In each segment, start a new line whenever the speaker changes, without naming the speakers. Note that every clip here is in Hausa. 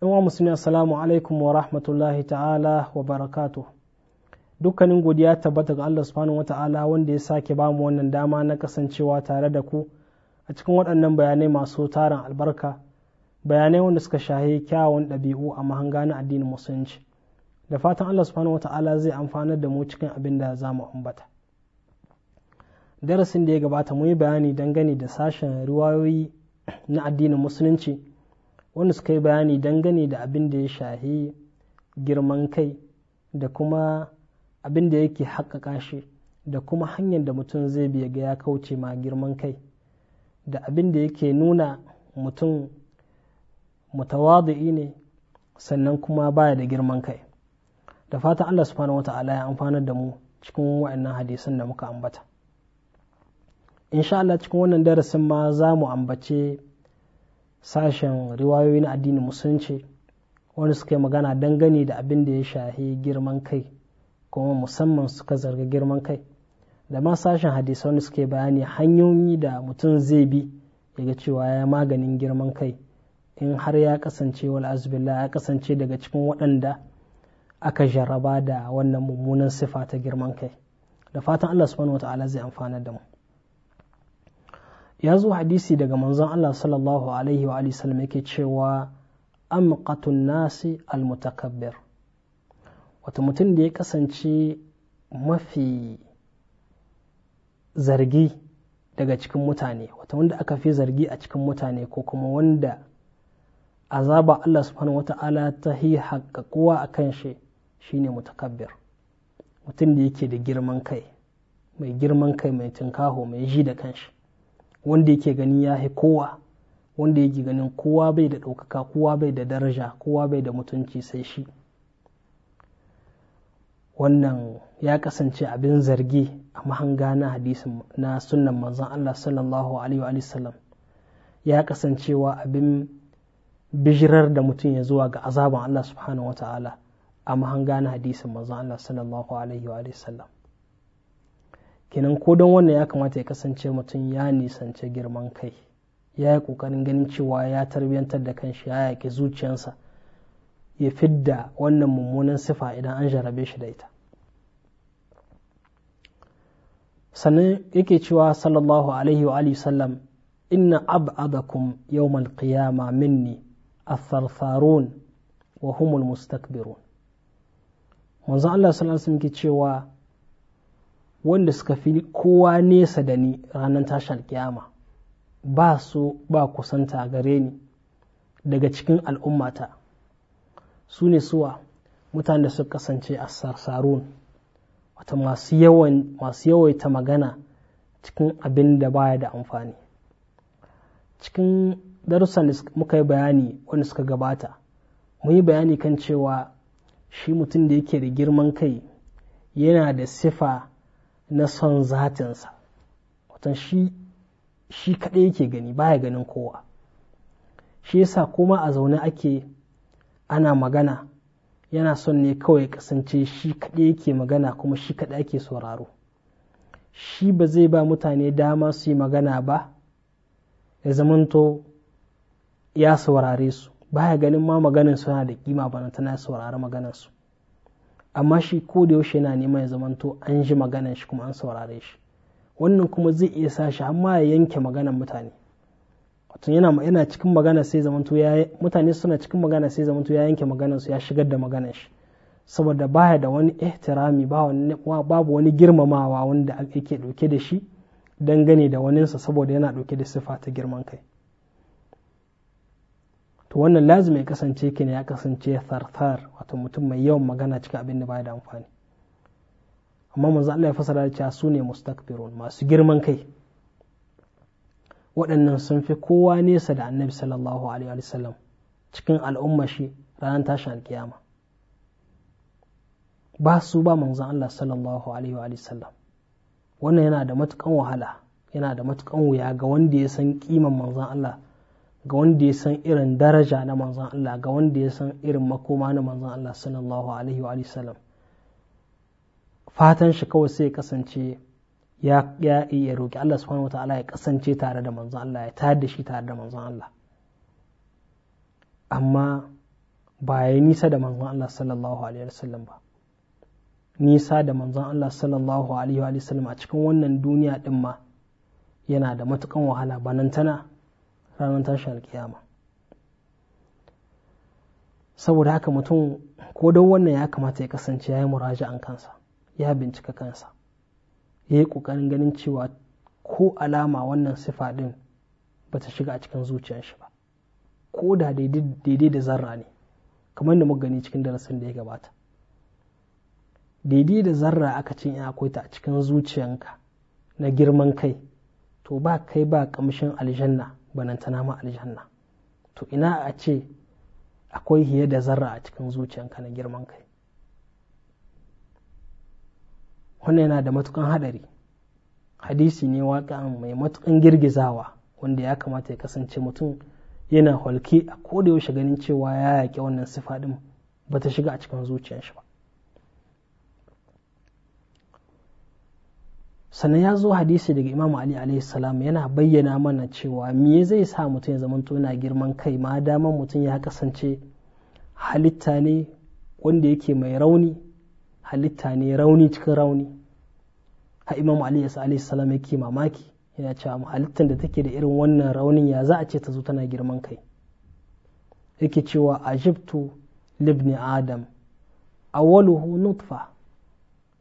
wa musulmi assalamu alaikum wa rahmatullahi ta'ala wa barakatu dukkanin godiya tabbata ga Allah subhanahu wa ta'ala wanda ya sake ba mu wannan dama na kasancewa tare da ku a cikin waɗannan bayanai masu tarin albarka bayanai wanda suka shahi kyawun ɗabi'u a mahanga na addinin musulunci da fatan Allah subhanahu wa ta'ala zai amfanar da mu cikin abin da za mu ambata darasin da ya gabata mu yi bayani dangane da sashen ruwayoyi na addinin musulunci wanda suka yi bayani dangane da abin da ya shahi girman kai da kuma abin da yake haƙaƙa shi da kuma hanyar da mutum zai biya ga ya kauce ma girman kai da abin da yake nuna mutum mutawadi ne sannan kuma baya da girman kai da fatan Allah subhanahu wata'ala ya amfanar da mu cikin wa'annan hadisan da muka ambata insha Allah cikin wannan darasin ma za mu ambace sashen riwayoyi na addinin musulunci wani suka yi magana dangane da abin da ya shahi girman kai kuma musamman suka zarga girman kai da ma sashen hadisa wani suka yi bayani hanyoyi da mutum zai bi yaga cewa ya maganin girman kai in har ya kasance wal azbillah ya kasance daga cikin waɗanda aka jarraba da wannan mummunan sifa ta girman kai da fatan Allah subhanahu wa ta'ala zai amfana da mu ya zo hadisi daga manzon Allah sallallahu alaihi wa alihi sallam yake cewa amqatun nasi almutakabbir wato mutum da ya kasance mafi zargi daga cikin mutane wato wanda aka fi zargi a cikin mutane ko kuma wanda azaba Allah subhanahu wata'ala ta yi haƙaƙuwa a kan shi shine mutakabbir mutum da yake da girman kai mai girman kai mai tinkaho mai ji da kanshi wanda yake gani ya fi kowa wanda yake ganin kowa bai da ɗaukaka kowa bai da daraja kowa bai da mutunci sai shi wannan ya kasance abin zargi a mahanga na hadisin na sunan manzon Allah sallallahu alaihi wa sallam ya kasancewa abin bijirar da mutum ya zuwa ga azaban Allah subhanahu wa ta'ala a mahanga na hadisin manzon Allah sallallahu alaihi wa sallam kenan ko don wannan ya kamata ya kasance mutum ya nisance girman kai ya yi ƙoƙarin ganin cewa ya tarbiyantar da kanshi ya yaƙi zuciyarsa ya fidda wannan mummunan sifa idan an jarabe shi da ita sannan yake cewa sallallahu alaihi wa alihi sallam inna ab'adakum yawmal qiyama minni athartharun wa humul mustakbirun manzo Allah sallallahu alaihi wasallam yake cewa wanda suka fi kowa nesa da ni ranar tashar kiyama ba su ba kusanta gare ni daga cikin al'ummata su ne suwa mutane da suka kasance a sarsarun wata masu yawaita magana cikin abin da baya da amfani cikin darussan da muka yi bayani wanda suka gabata mun yi bayani kan cewa shi mutum da yake da girman kai yana da sifa na son zatinsa watan shi shi kaɗai yake gani baya ganin kowa shi yasa kuma a zaune ake ana magana yana son ne kawai kasance shi kaɗai yake magana kuma shi kaɗai ake sauraro shi ba zai ba mutane dama su yi magana ba ya zamanto ya saurare su baya ganin ma maganin suna da kima ba na tana saurari maganarsu amma shi ko da yaushe yana neman ya zamanto an ji maganan shi kuma an saurare shi wannan kuma zai iya sa shi amma ya yanke maganan mutane wato yana yana cikin magana sai zamanto ya mutane suna cikin magana sai zamanto ya yanke maganan su ya shigar da maganan shi saboda baya da wani ihtirami ba wani babu wani girmamawa wanda ake dauke da shi dangane da waninsa saboda yana dauke da sifa ta girman kai wannan lazim ya kasance ki ne ya kasance tharthar wato mutum mai yawan magana cikin abin da baya da amfani amma manzo Allah ya fasara da cewa su ne mustakbirun masu girman kai waɗannan sun fi kowa nesa da annabi sallallahu alaihi wa sallam cikin al'umma shi ranar tashin alkiyama ba su ba manzo Allah sallallahu alaihi wa sallam wannan yana da matukan wahala yana da matukan wuya ga wanda ya san kiman manzon Allah ga wanda ya san irin daraja na manzan Allah ga wanda ya san irin makoma na manzan Allah sallallahu alaihi wa sallam fatan shi kawai sai ya kasance ya ya ya roki Allah subhanahu wa ta'ala ya kasance tare da manzan Allah ya tayar da shi tare da manzan Allah amma ba ya nisa da manzan Allah sallallahu alaihi wa sallam ba nisa da manzan Allah sallallahu alaihi wa sallam a cikin wannan duniya din ma yana da matukan wahala tana. ranar tashin alkiyama saboda haka mutum ko don wannan ya kamata ya kasance ya yi an kansa ya bincika kansa ya yi ƙoƙarin ganin cewa ko alama wannan sifa ɗin ba ta shiga a cikin zuciyar shi ba ko da daidai da zarra ne kamar da muka gani cikin darasin da ya gabata daidai da zarra aka cin ya akwai ta a cikin zuciyanka na girman kai to ba kai ba kamshin aljanna banantana ma aljanna to ina a ce akwai hiye da zarra a cikin zuciyanka na girman kai wannan yana da matukan hadari hadisi ne waƙa mai matukan girgizawa wanda ya kamata ya kasance mutum yana holke a koda yaushe ganin cewa ya yaƙi wannan sifa ɗin ba ta shiga a cikin zuciyar shi ba sannan ya zo hadisi daga imamu ali alaihi salam yana bayyana mana cewa me zai sa mutum ya zamanto yana girman kai ma daman mutum ya kasance halitta ne wanda yake mai rauni halitta ne rauni cikin rauni ha imamu ali alaihi salam yake mamaki yana cewa halittar da take da irin wannan raunin ya za a ce ta zo tana girman kai yake cewa ajibtu libni adam awwaluhu nutfa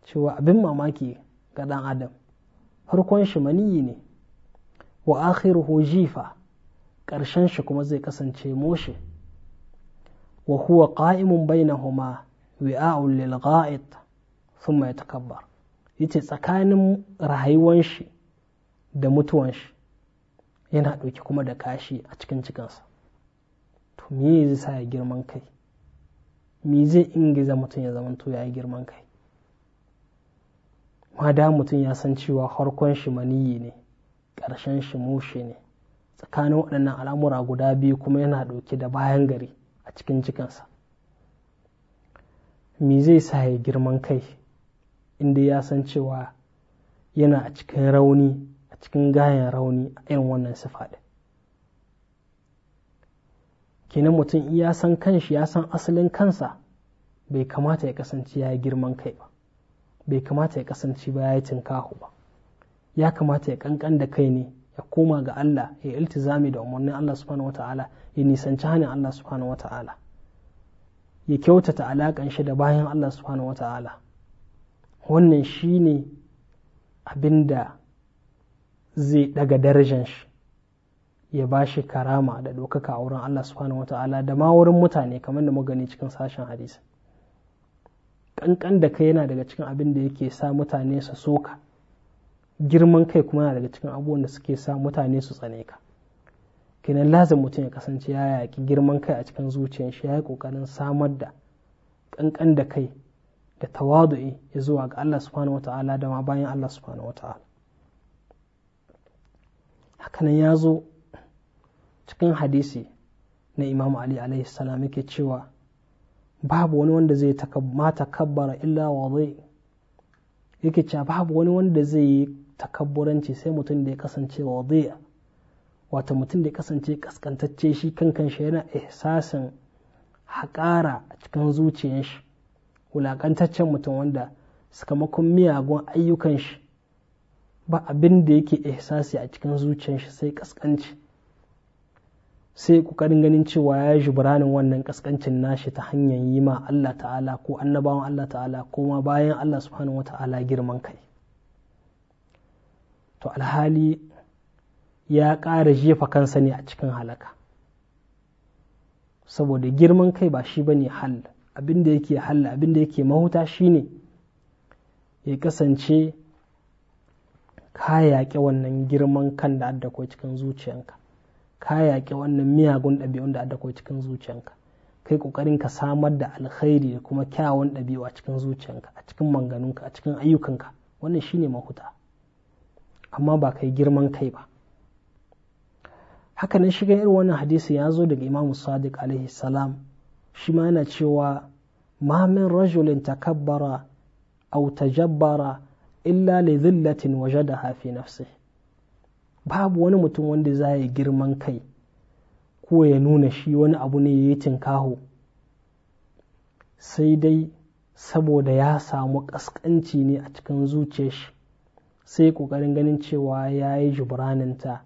cewa abin mamaki ga ɗan adam farkon shi maniyi ne wa akhiruhu jifa ƙarshen shi kuma zai kasance moshe wa huwa qa'imun bainahuma wi'a'un lil gha'it thumma yatakabbar yace tsakanin rayuwar shi da mutuwan shi yana ɗauke kuma da kashi a cikin cikinsa to me zai sa ya girman kai me zai ingiza mutum ya zamanto ya girman kai ma da mutum ya san cewa harkon shi maniyi ne ƙarshen shi mushe ne tsakanin waɗannan al'amura guda biyu kuma yana ɗauke da bayan gari a cikin jikinsa me zai sa ya girman kai inda ya san cewa yana a cikin rauni a cikin gayan rauni a irin wannan sifa kenan mutum ya san kanshi ya san asalin kansa bai kamata ya kasance ya girman kai ba bai kamata ya kasance ba ya yi tinkahu ba ya kamata ya kankan da kai ne ya koma ga Allah ya iltizami da umarnin Allah subhanahu wata'ala ya nisanci hannun Allah subhanahu wata'ala ya kyautata alaƙan shi da bayan Allah subhanahu wata'ala wannan shi ne abin da zai daga darajan shi ya ba shi karama da ɗaukaka a wurin Allah subhanahu wata'ala da ma wurin mutane kamar da mu gani cikin sashen hadisi Ƙanƙan da kai yana daga cikin abin da yake sa mutane su soka girman kai kuma yana daga cikin abubuwan da suke sa mutane su tsane ka kenan lazim mutum ya kasance ya yaƙi girman kai a cikin zuciyar shi ya yi ƙoƙarin samar da ƙanƙan da kai da tawadu'i ya zuwa ga Allah subhanahu ta'ala da ma bayan Allah subhanahu ta'ala hakanan ya zo cikin hadisi na imam ali alaihi salam yake cewa babu wani wanda zai mata kabbara illa zai yake cewa babu wani wanda zai yi takabburanci sai mutum da ya kasance zai wato mutum da ya kasance kaskantacce shi kankan shi yana ihsasin haƙara a cikin zuciyar shi wulaƙantaccen mutum wanda sakamakon miyagun ayyukan shi ba abin da yake ihsasi a cikin zuciyar shi sai kaskanci sai ƙoƙarin ganin cewa ya yi jibranin wannan kaskancin nashi ta hanyar yi ma Allah ta'ala ko annabawan Allah ta'ala ko ma bayan Allah subhanahu wa ta'ala girman kai to alhali ya ƙara jefa kansa ne a cikin halaka saboda girman kai ba shi ba ne hal abinda yake hal abinda yake mahuta shi ne ya kasance ka yaƙi wannan girman kan da adda cikin zuciyanka ka yaƙi wannan miyagun ɗabi'un da adakwai cikin zuciyanka kai ƙoƙarin ka samar da alkhairi da kuma kyawun ɗabi'u a cikin zuciyanka a cikin manganunka a cikin ayyukanka wannan shine mahuta amma ba kai girman kai ba haka nan shiga irin wannan hadisi ya zo daga imamu sadiq alaihi salam shi ma yana cewa ma min rajulin takabbara aw tajabbara illa li dhillatin wajadaha fi nafsihi babu wani mutum wanda za ya girman kai ko ya nuna shi wani abu ne ya yi tinkaho sai dai saboda ya samu ƙasƙanci ne a cikin zuciyar shi sai ƙoƙarin ganin cewa ya yi jubraninta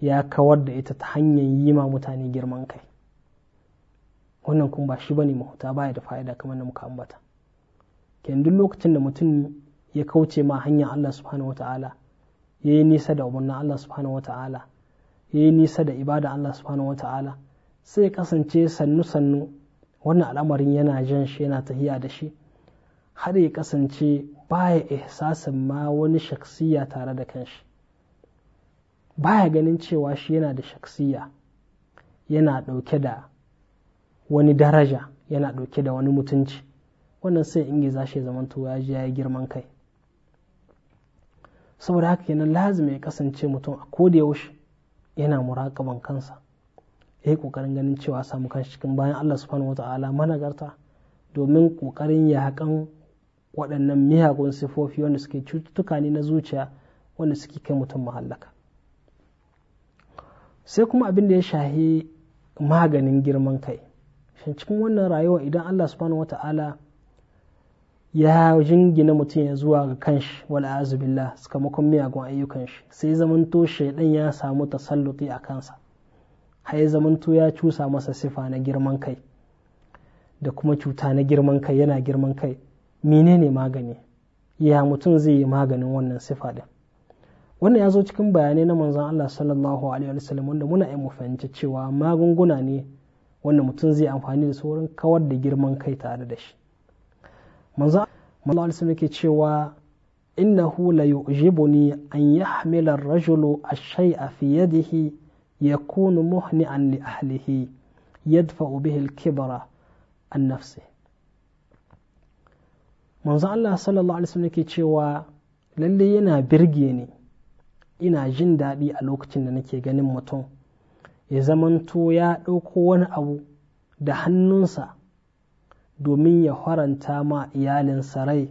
ya kawar da ita ta hanyar yi ma mutane girman kai wannan kuma ba shi bane mahuta ya da fa'ida kamar na muka ambata kenan lokacin da mutum ya kauce ma hanyar Allah subhanahu ta'ala). ya yi nisa da umarnin Allah subhanahu wata'ala ya yi nisa da ibada Allah subhanahu wata'ala sai kasance sannu sannu wannan al'amarin yana jan shi yana tahiya da shi har ya kasance baya ihsasin ma wani shaksiya tare da kanshi baya ganin cewa shi yana da shaksiya yana ɗauke da wani daraja yana ɗauke da wani mutunci wannan sai ingiza shi zamanto ya ji ya yi girman kai saboda haka kenan lazim ya kasance mutum a koda yaushe yana muraƙaban kansa ya yi ƙoƙarin ganin cewa samu kanshi cikin bayan Allah subhanahu wa ta'ala managarta domin ƙoƙarin ya haƙan waɗannan miyagun sifofi wanda suke cututtuka ne na zuciya wanda suke kai mutum mahallaka sai kuma abin da ya shahi maganin girman kai shin cikin wannan rayuwa idan Allah subhanahu wa ta'ala ya jingina mutum ya zuwa ga kanshi wal billah sakamakon miyagun ayyukan shi sai zamanto shaidan ya samu tasalluti a kansa har zamanto ya cusa masa sifa na girman kai da kuma cuta na girman kai yana girman kai menene magani ya mutum zai yi maganin wannan sifa din wannan ya zo cikin bayanai na manzon Allah sallallahu alaihi wasallam wanda muna yi mu fahimci cewa magunguna ne wanda mutum zai amfani da su wurin kawar da girman kai tare da shi manzo Allah sun yake cewa innahu la yu'jibuni an yahmila ar-rajulu ash-shay'a fi yadihi yakunu muhni'an li ahlihi yadfa'u bihi al-kibra an nafsihi manzo Allah sallallahu alaihi wasallam yake cewa lalle yana birge ni ina jin daɗi a lokacin da nake ganin mutum ya zamanto ya ɗauko wani abu da hannunsa domin ya faranta ma iyalinsa rai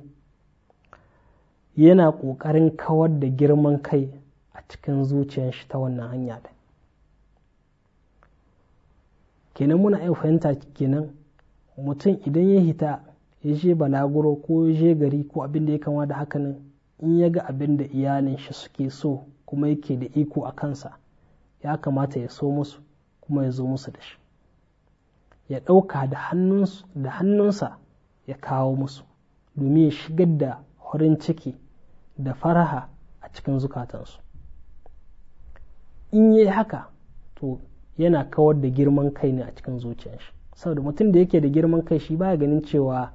yana ƙoƙarin kawar da girman kai a cikin zuciyar shi ta wannan hanya ɗin kenan muna yin fahimta kenan mutum idan ya hita ya je balaguro ko ya je gari ko abin da ya kama da hakanan in ya ga abin da iyalin shi suke so kuma yake da iko a kansa ya kamata ya so musu kuma ya zo musu da shi ya ɗauka da hannunsa ya kawo musu domin ya shigar da horin ciki da faraha a cikin zukatansu in yi haka to yana kawar da girman kai ne a cikin zuciyar shi saboda mutum da yake da girman kai shi baya ganin cewa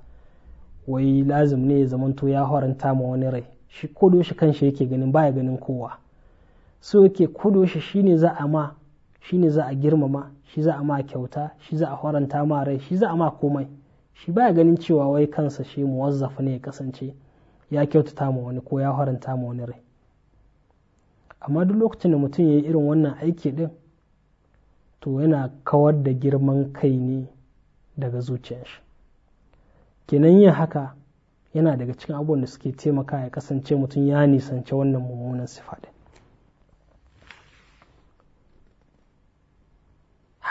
wai lazim ne ya zamanto ya haranta ma wani rai shi kudoshi shi kanshi yake ganin baya ganin kowa so yake kudoshi shi ne za a ma shi ne za a girmama shi za a ma kyauta shi za a faranta ma rai shi za a ma komai shi baya ganin cewa wai kansa shi muwazzaf ne ya kasance ya kyautata ma wani ko ya haranta ma wani rai amma duk lokacin da mutum ya yi irin wannan aiki din to yana kawar da girman kai ne daga shi. kenan yin haka yana daga cikin abubuwan da suke taimaka ya kasance mutum ya nisance wannan mummunan sifa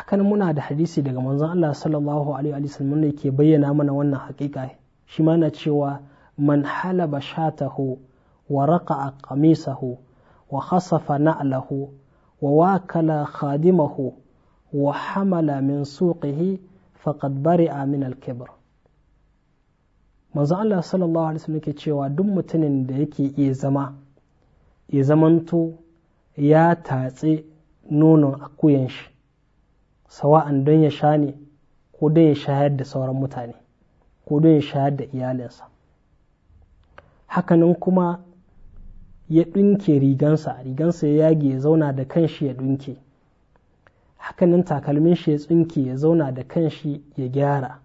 hakan muna da hadisi daga manzon Allah sallallahu alaihi wa sallam ne ke bayyana mana wannan haƙiƙa shi ma cewa man halaba shatahu wa raqa'a qamisahu wa khasafa na'lahu wa wakala khadimahu wa hamala min suqihi faqad bari'a min al-kibr Allah sallallahu alaihi wasallam ke cewa duk mutumin da yake iya zama ya zamanto ya tatse nonon akuyan shi sawa'an don ya sha ne ko don ya shayar da sauran mutane ko don ya shayar da iyalinsa hakanan kuma ya ɗinke rigansa rigansa ya yage ya zauna da kanshi ya ɗunke. hakanan takalmin shi ya tsinke ya zauna da kanshi ya gyara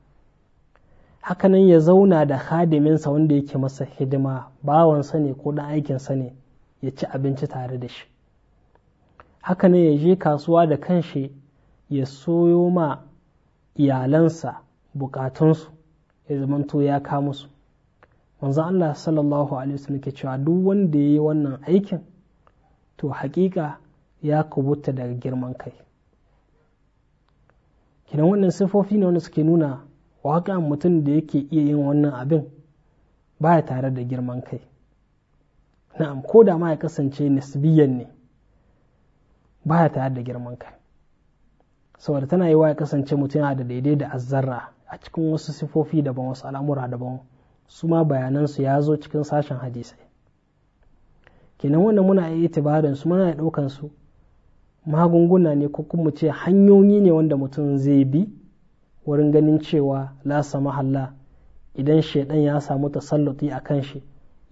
hakanan ya zauna da hadiminsa wanda yake masa hidima bawansa ne ko ɗan aikinsa ne ya ci abinci tare da shi hakanan ya je kasuwa da kanshi ya soyo ma iyalansa bukatunsu ya zamanto ya ka musu manzon Allah sallallahu alaihi wasallam ke cewa duk wanda ya yi wannan aikin to hakika ya kubuta daga girman kai kinan wannan sifofi ne wanda suke nuna waƙa mutum da yake iya yin wannan abin baya tare da girman kai na'am ko da ma ya kasance nisbiyan ne baya tare da girman kai saboda tana yi wa ya kasance mutum yana da daidai da azzarra a cikin wasu sifofi daban wasu al'amura daban su ma bayanansu ya zo cikin sashen hadisai kenan wannan muna yi itibarin su muna ɗaukan su magunguna ne ko kuma ce hanyoyi ne wanda mutum zai bi wurin ganin cewa la halla idan shaidan ya samu tasallati a kan shi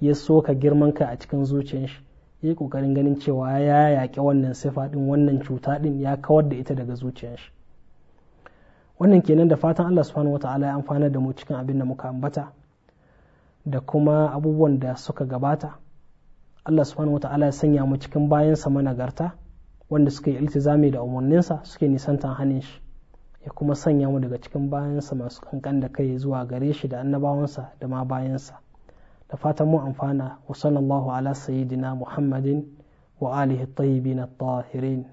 ya soka girman ka a cikin zuciyar shi yi kokarin ganin cewa ya yaƙi wannan sifa ɗin wannan cuta ɗin ya kawar da ita daga zuciyar shi wannan kenan da fatan Allah subhanahu ta'ala ya amfana da mu cikin abin da muka ambata da kuma abubuwan da suka gabata Allah subhanahu ta'ala ya sanya mu cikin bayansa managarta wanda suka yi iltizami da umarninsa suke nisantan hannun shi ya kuma sanya mu daga cikin bayansa masu kankan da kai zuwa gare shi da annabawansa da ma bayansa da fatan mu amfana wa sallallahu ala sayyidina muhammadin wa alihi tayyibin at-tahirin